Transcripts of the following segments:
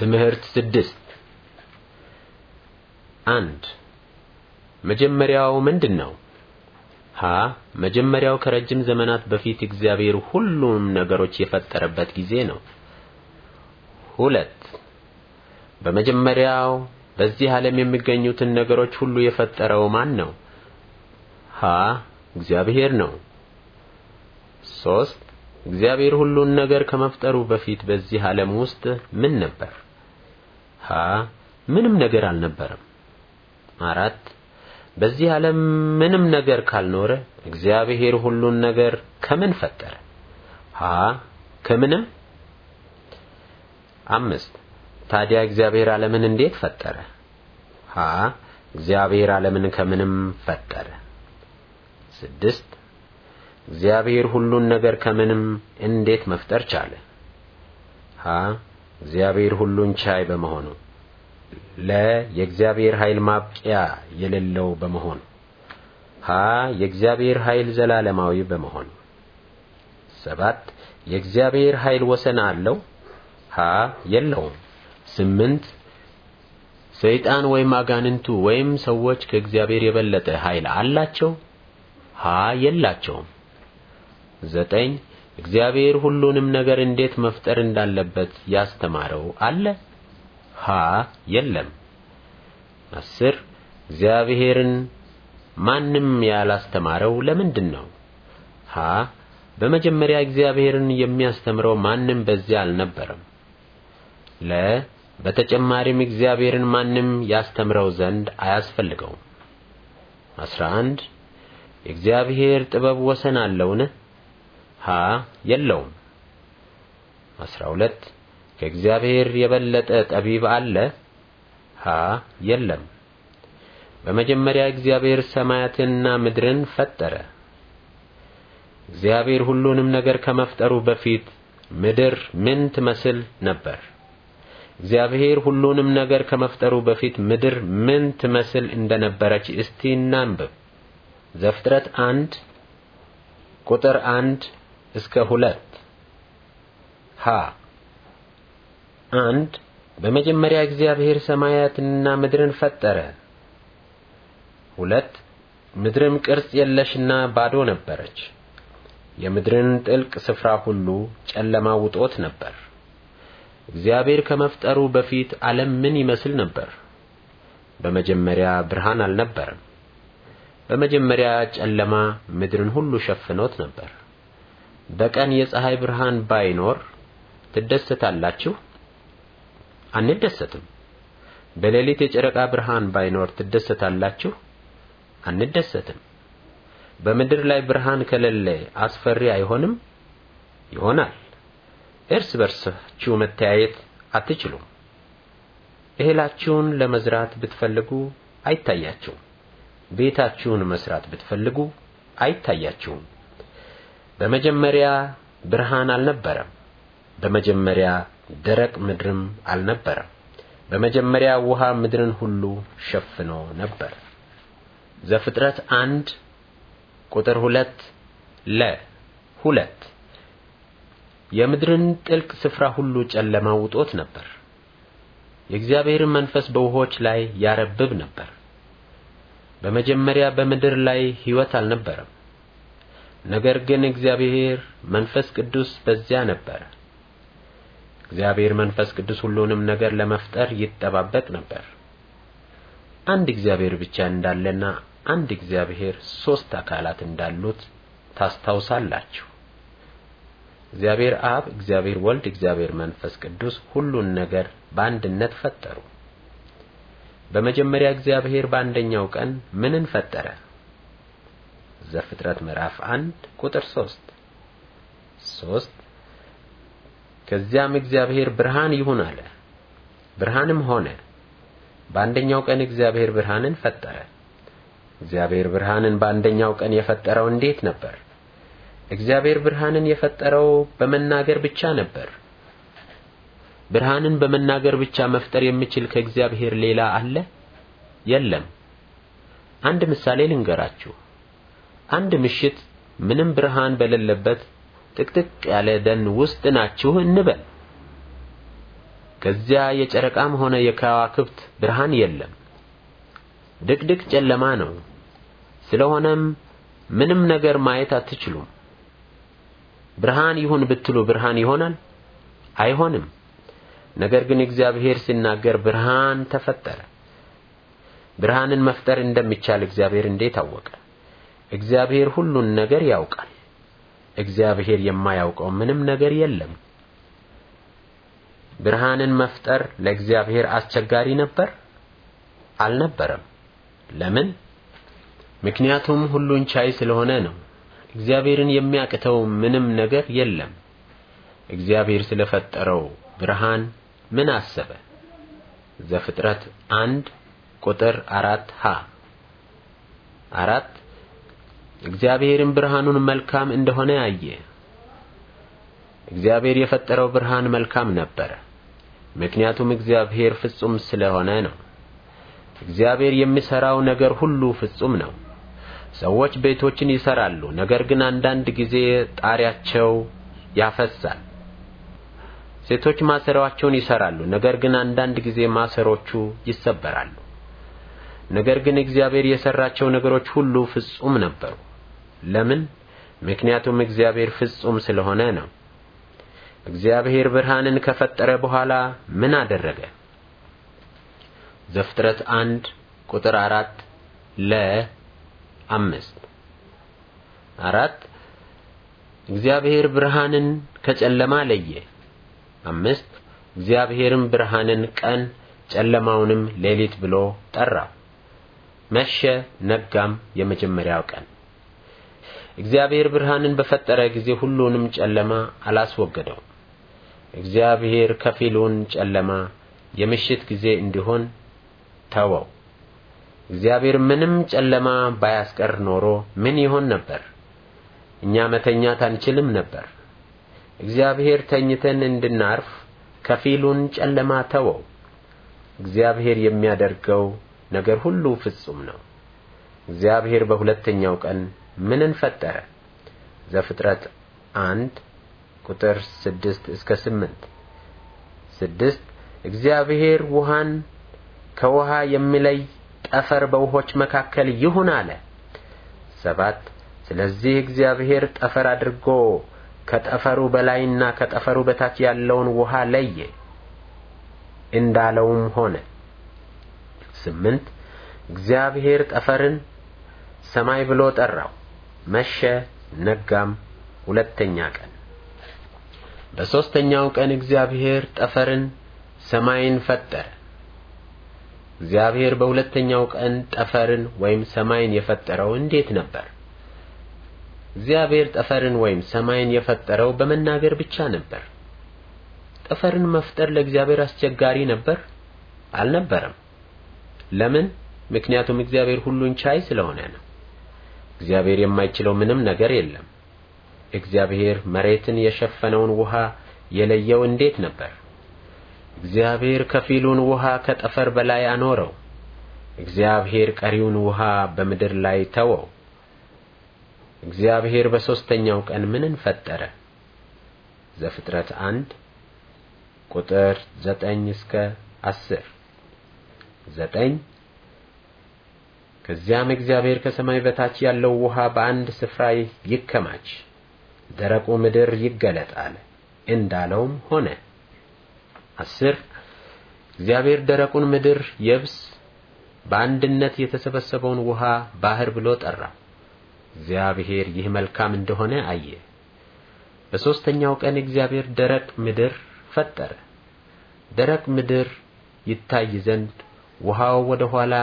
ትምህርት ስድስት አንድ መጀመሪያው ምንድን ነው? ሀ መጀመሪያው ከረጅም ዘመናት በፊት እግዚአብሔር ሁሉም ነገሮች የፈጠረበት ጊዜ ነው። ሁለት በመጀመሪያው በዚህ ዓለም የሚገኙትን ነገሮች ሁሉ የፈጠረው ማን ነው? ሀ እግዚአብሔር ነው። ሶስት እግዚአብሔር ሁሉን ነገር ከመፍጠሩ በፊት በዚህ ዓለም ውስጥ ምን ነበር? ሀ ምንም ነገር አልነበረም። አራት በዚህ ዓለም ምንም ነገር ካልኖረ እግዚአብሔር ሁሉን ነገር ከምን ፈጠረ? ሀ ከምንም። አምስት ታዲያ እግዚአብሔር ዓለምን እንዴት ፈጠረ? ሀ እግዚአብሔር ዓለምን ከምንም ፈጠረ። ስድስት እግዚአብሔር ሁሉን ነገር ከምንም እንዴት መፍጠር ቻለ? ሀ እግዚአብሔር ሁሉን ቻይ በመሆኑ ለ የእግዚአብሔር ኃይል ማብቂያ የሌለው በመሆኑ ሀ የእግዚአብሔር ኃይል ዘላለማዊ በመሆኑ ሰባት የእግዚአብሔር ኃይል ወሰን አለው ሀ የለውም ስምንት ሰይጣን ወይም አጋንንቱ ወይም ሰዎች ከእግዚአብሔር የበለጠ ኃይል አላቸው ሀ የላቸውም ዘጠኝ እግዚአብሔር ሁሉንም ነገር እንዴት መፍጠር እንዳለበት ያስተማረው አለ? ሃ የለም። አስር እግዚአብሔርን ማንም ያላስተማረው ለምንድን ነው? ሃ በመጀመሪያ እግዚአብሔርን የሚያስተምረው ማንም በዚያ አልነበረም። ለ በተጨማሪም እግዚአብሔርን ማንም ያስተምረው ዘንድ አያስፈልገውም። 11 የእግዚአብሔር ጥበብ ወሰን አለውን? ሀ የለውም። አስራ ሁለት ከእግዚአብሔር የበለጠ ጠቢብ አለ? ሀ የለም። በመጀመሪያ እግዚአብሔር ሰማያትንና ምድርን ፈጠረ። እግዚአብሔር ሁሉንም ነገር ከመፍጠሩ በፊት ምድር ምን ትመስል ነበር? እግዚአብሔር ሁሉንም ነገር ከመፍጠሩ በፊት ምድር ምን ትመስል እንደነበረች እስቲ እናንብብ። ዘፍጥረት አንድ ቁጥር አንድ እስከ ሁለት ሀ አንድ በመጀመሪያ እግዚአብሔር ሰማያትንና ምድርን ፈጠረ። ሁለት ምድርም ቅርጽ የለሽና ባዶ ነበረች። የምድርን ጥልቅ ስፍራ ሁሉ ጨለማ ውጦት ነበር። እግዚአብሔር ከመፍጠሩ በፊት ዓለም ምን ይመስል ነበር? በመጀመሪያ ብርሃን አልነበረም። በመጀመሪያ ጨለማ ምድርን ሁሉ ሸፍኖት ነበር። በቀን የፀሐይ ብርሃን ባይኖር ትደሰታላችሁ? አንደሰትም። በሌሊት የጨረቃ ብርሃን ባይኖር ትደሰታላችሁ? አንደሰትም። በምድር ላይ ብርሃን ከሌለ አስፈሪ አይሆንም? ይሆናል። እርስ በርሳችሁ መተያየት አትችሉም። እህላችሁን ለመዝራት ብትፈልጉ አይታያችሁም። ቤታችሁን መስራት ብትፈልጉ አይታያችሁም። በመጀመሪያ ብርሃን አልነበረም። በመጀመሪያ ደረቅ ምድርም አልነበረም። በመጀመሪያ ውሃ ምድርን ሁሉ ሸፍኖ ነበር። ዘፍጥረት አንድ ቁጥር ሁለት ለ ሁለት የምድርን ጥልቅ ስፍራ ሁሉ ጨለማ ውጦት ነበር። የእግዚአብሔርን መንፈስ በውሆች ላይ ያረብብ ነበር። በመጀመሪያ በምድር ላይ ሕይወት አልነበረም። ነገር ግን እግዚአብሔር መንፈስ ቅዱስ በዚያ ነበር። እግዚአብሔር መንፈስ ቅዱስ ሁሉንም ነገር ለመፍጠር ይጠባበቅ ነበር። አንድ እግዚአብሔር ብቻ እንዳለና አንድ እግዚአብሔር ሶስት አካላት እንዳሉት ታስታውሳላችሁ። እግዚአብሔር አብ፣ እግዚአብሔር ወልድ፣ እግዚአብሔር መንፈስ ቅዱስ ሁሉን ነገር በአንድነት ፈጠሩ። በመጀመሪያ እግዚአብሔር በአንደኛው ቀን ምንን ፈጠረ? ዘፍጥረት ምዕራፍ 1 ቁጥር 3 3 ከዚያም እግዚአብሔር ብርሃን ይሁን አለ፣ ብርሃንም ሆነ። በአንደኛው ቀን እግዚአብሔር ብርሃንን ፈጠረ። እግዚአብሔር ብርሃንን በአንደኛው ቀን የፈጠረው እንዴት ነበር? እግዚአብሔር ብርሃንን የፈጠረው በመናገር ብቻ ነበር። ብርሃንን በመናገር ብቻ መፍጠር የሚችል ከእግዚአብሔር ሌላ አለ? የለም። አንድ ምሳሌ ልንገራችሁ። አንድ ምሽት ምንም ብርሃን በሌለበት ጥቅጥቅ ያለ ደን ውስጥ ናችሁ እንበል። ከዚያ የጨረቃም ሆነ የከዋክብት ብርሃን የለም፣ ድቅድቅ ጨለማ ነው። ስለሆነም ምንም ነገር ማየት አትችሉም። ብርሃን ይሁን ብትሉ ብርሃን ይሆናል? አይሆንም። ነገር ግን እግዚአብሔር ሲናገር ብርሃን ተፈጠረ። ብርሃንን መፍጠር እንደሚቻል እግዚአብሔር እንዴት አወቀ? እግዚአብሔር ሁሉን ነገር ያውቃል። እግዚአብሔር የማያውቀው ምንም ነገር የለም። ብርሃንን መፍጠር ለእግዚአብሔር አስቸጋሪ ነበር? አልነበረም። ለምን? ምክንያቱም ሁሉን ቻይ ስለሆነ ነው። እግዚአብሔርን የሚያቅተው ምንም ነገር የለም። እግዚአብሔር ስለፈጠረው ብርሃን ምን አሰበ? ዘፍጥረት አንድ ቁጥር አራት ሀ አራት እግዚአብሔርም ብርሃኑን መልካም እንደሆነ አየ። እግዚአብሔር የፈጠረው ብርሃን መልካም ነበረ፣ ምክንያቱም እግዚአብሔር ፍጹም ስለሆነ ነው። እግዚአብሔር የሚሰራው ነገር ሁሉ ፍጹም ነው። ሰዎች ቤቶችን ይሰራሉ፣ ነገር ግን አንዳንድ ጊዜ ጣሪያቸው ያፈሳል። ሴቶች ማሰሮአቸውን ይሰራሉ፣ ነገር ግን አንዳንድ ጊዜ ማሰሮቹ ይሰበራሉ። ነገር ግን እግዚአብሔር የሰራቸው ነገሮች ሁሉ ፍጹም ነበሩ። ለምን? ምክንያቱም እግዚአብሔር ፍጹም ስለሆነ ነው። እግዚአብሔር ብርሃንን ከፈጠረ በኋላ ምን አደረገ? ዘፍጥረት 1 ቁጥር 4 ለ 5 አራት እግዚአብሔር ብርሃንን ከጨለማ ለየ። አምስት እግዚአብሔርም ብርሃንን ቀን ጨለማውንም ሌሊት ብሎ ጠራው። መሸ፣ ነጋም የመጀመሪያው ቀን እግዚአብሔር ብርሃንን በፈጠረ ጊዜ ሁሉንም ጨለማ አላስወገደው። እግዚአብሔር ከፊሉን ጨለማ የምሽት ጊዜ እንዲሆን ተወው። እግዚአብሔር ምንም ጨለማ ባያስቀር ኖሮ ምን ይሆን ነበር? እኛ መተኛት አንችልም ነበር። እግዚአብሔር ተኝተን እንድናርፍ ከፊሉን ጨለማ ተወው። እግዚአብሔር የሚያደርገው ነገር ሁሉ ፍጹም ነው። እግዚአብሔር በሁለተኛው ቀን ምንን ፈጠረ? ዘፍጥረት አንድ ቁጥር ስድስት እስከ ስምንት ስድስት እግዚአብሔር ውሃን ከውሃ የሚለይ ጠፈር በውሆች መካከል ይሁን አለ። 7 ስለዚህ እግዚአብሔር ጠፈር አድርጎ ከጠፈሩ በላይና ከጠፈሩ በታች ያለውን ውሃ ለየ፣ እንዳለውም ሆነ። ስምንት እግዚአብሔር ጠፈርን ሰማይ ብሎ ጠራው። መሸ ነጋም ሁለተኛ ቀን በሶስተኛው ቀን እግዚአብሔር ጠፈርን ሰማይን ፈጠረ እግዚአብሔር በሁለተኛው ቀን ጠፈርን ወይም ሰማይን የፈጠረው እንዴት ነበር እግዚአብሔር ጠፈርን ወይም ሰማይን የፈጠረው በመናገር ብቻ ነበር ጠፈርን መፍጠር ለእግዚአብሔር አስቸጋሪ ነበር አልነበረም ለምን ምክንያቱም እግዚአብሔር ሁሉን ቻይ ስለሆነ ነው እግዚአብሔር የማይችለው ምንም ነገር የለም። እግዚአብሔር መሬትን የሸፈነውን ውሃ የለየው እንዴት ነበር? እግዚአብሔር ከፊሉን ውሃ ከጠፈር በላይ አኖረው። እግዚአብሔር ቀሪውን ውሃ በምድር ላይ ተወው። እግዚአብሔር በሦስተኛው ቀን ምንን ፈጠረ? ዘፍጥረት አንድ ቁጥር ዘጠኝ እስከ አስር ዘጠኝ ከዚያም እግዚአብሔር ከሰማይ በታች ያለው ውሃ በአንድ ስፍራ ይከማች፣ ደረቁ ምድር ይገለጣል እንዳለውም ሆነ። አስር እግዚአብሔር ደረቁን ምድር የብስ በአንድነት የተሰበሰበውን ውሃ ባህር ብሎ ጠራ። እግዚአብሔር ይህ መልካም እንደሆነ አየ። በሦስተኛው ቀን እግዚአብሔር ደረቅ ምድር ፈጠረ። ደረቅ ምድር ይታይ ዘንድ ውሃው ወደ ኋላ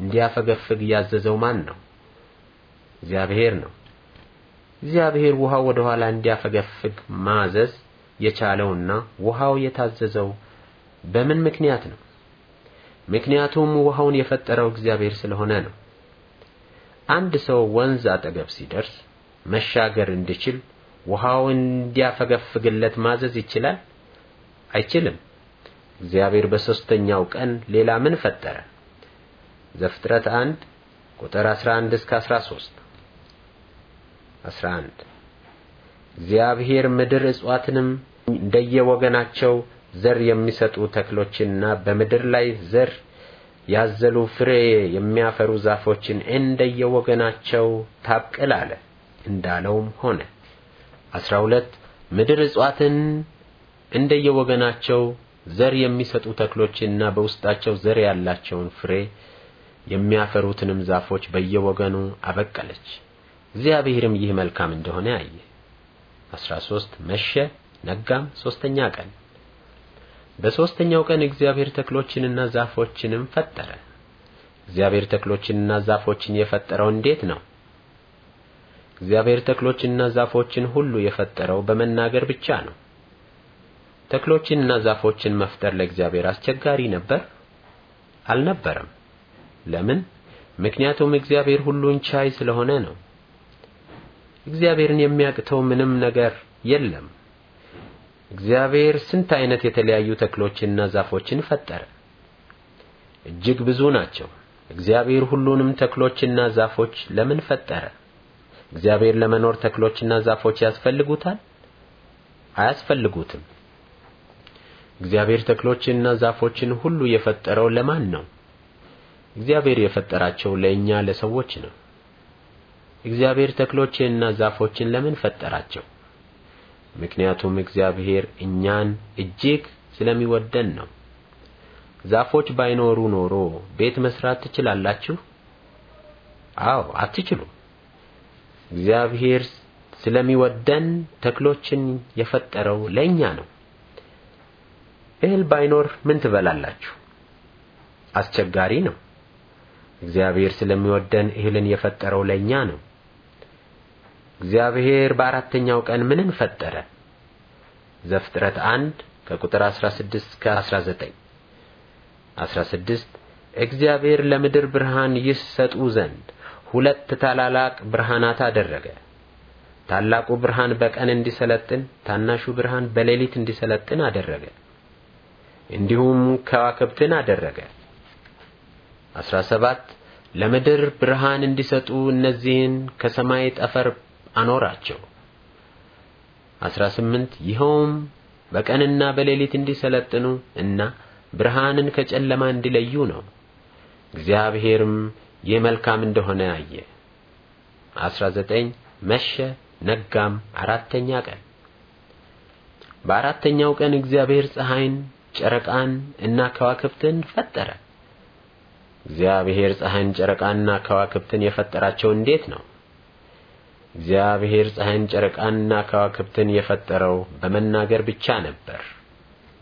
እንዲያፈገፍግ ያዘዘው ማን ነው? እግዚአብሔር ነው። እግዚአብሔር ውሃው ወደ ኋላ እንዲያፈገፍግ ማዘዝ የቻለውና ውሃው የታዘዘው በምን ምክንያት ነው? ምክንያቱም ውሃውን የፈጠረው እግዚአብሔር ስለሆነ ነው። አንድ ሰው ወንዝ አጠገብ ሲደርስ መሻገር እንዲችል ውሃው እንዲያፈገፍግለት ማዘዝ ይችላል? አይችልም። እግዚአብሔር በሶስተኛው ቀን ሌላ ምን ፈጠረ? ዘፍጥረት 1 ቁጥር 11 እስከ 13 11 እግዚአብሔር ምድር እጽዋትንም እንደየወገናቸው ዘር የሚሰጡ ተክሎችንና በምድር ላይ ዘር ያዘሉ ፍሬ የሚያፈሩ ዛፎችን እንደየወገናቸው ታብቅል አለ እንዳለውም ሆነ። 12 ምድር እጽዋትን እንደየወገናቸው ዘር የሚሰጡ ተክሎችንና በውስጣቸው ዘር ያላቸውን ፍሬ የሚያፈሩትንም ዛፎች በየወገኑ አበቀለች። እግዚአብሔርም ይህ መልካም እንደሆነ አየ። 13 መሸ ነጋም፣ ሶስተኛ ቀን። በሶስተኛው ቀን እግዚአብሔር ተክሎችንና ዛፎችንም ፈጠረ። እግዚአብሔር ተክሎችንና ዛፎችን የፈጠረው እንዴት ነው? እግዚአብሔር ተክሎችንና ዛፎችን ሁሉ የፈጠረው በመናገር ብቻ ነው። ተክሎችንና ዛፎችን መፍጠር ለእግዚአብሔር አስቸጋሪ ነበር? አልነበረም። ለምን? ምክንያቱም እግዚአብሔር ሁሉን ቻይ ስለሆነ ነው። እግዚአብሔርን የሚያቅተው ምንም ነገር የለም። እግዚአብሔር ስንት አይነት የተለያዩ ተክሎችና ዛፎችን ፈጠረ። እጅግ ብዙ ናቸው። እግዚአብሔር ሁሉንም ተክሎችና ዛፎች ለምን ፈጠረ? እግዚአብሔር ለመኖር ተክሎችና ዛፎች ያስፈልጉታል? አያስፈልጉትም። እግዚአብሔር ተክሎችንና ዛፎችን ሁሉ የፈጠረው ለማን ነው? እግዚአብሔር የፈጠራቸው ለእኛ ለሰዎች ነው። እግዚአብሔር ተክሎችንና ዛፎችን ለምን ፈጠራቸው? ምክንያቱም እግዚአብሔር እኛን እጅግ ስለሚወደን ነው። ዛፎች ባይኖሩ ኖሮ ቤት መስራት ትችላላችሁ? አዎ፣ አትችሉም። እግዚአብሔር ስለሚወደን ተክሎችን የፈጠረው ለእኛ ነው። እህል ባይኖር ምን ትበላላችሁ? አስቸጋሪ ነው። እግዚአብሔር ስለሚወደን እህልን የፈጠረው ለእኛ ነው። እግዚአብሔር በአራተኛው ቀን ምንን ፈጠረ? ዘፍጥረት 1 ከቁጥር 16 እስከ 19 16 እግዚአብሔር ለምድር ብርሃን ይሰጡ ዘንድ ሁለት ታላላቅ ብርሃናት አደረገ። ታላቁ ብርሃን በቀን እንዲሰለጥን፣ ታናሹ ብርሃን በሌሊት እንዲሰለጥን አደረገ። እንዲሁም ከዋክብትን አደረገ። 17 ለምድር ብርሃን እንዲሰጡ እነዚህን ከሰማይ ጠፈር አኖራቸው። 18 ይኸውም በቀንና በሌሊት እንዲሰለጥኑ እና ብርሃንን ከጨለማ እንዲለዩ ነው። እግዚአብሔርም ይህ መልካም እንደሆነ አየ። 19 መሸ ነጋም አራተኛ ቀን። በአራተኛው ቀን እግዚአብሔር ፀሐይን፣ ጨረቃን እና ከዋክብትን ፈጠረ። እግዚአብሔር ፀሐይን ጨረቃና ከዋክብትን የፈጠራቸው እንዴት ነው? እግዚአብሔር ፀሐይን ጨረቃና ከዋክብትን የፈጠረው በመናገር ብቻ ነበር።